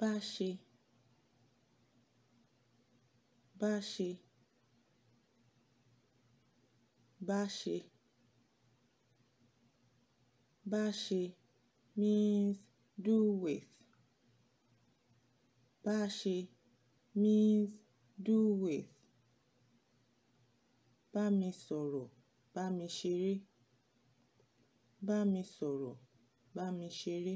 bá ṣe bá ṣe bá ṣe bá ṣe means do with bá ṣe means do with bá mi sọ̀rọ̀ bá mi ṣeré bá mi sọ̀rọ̀ bá mi ṣeré.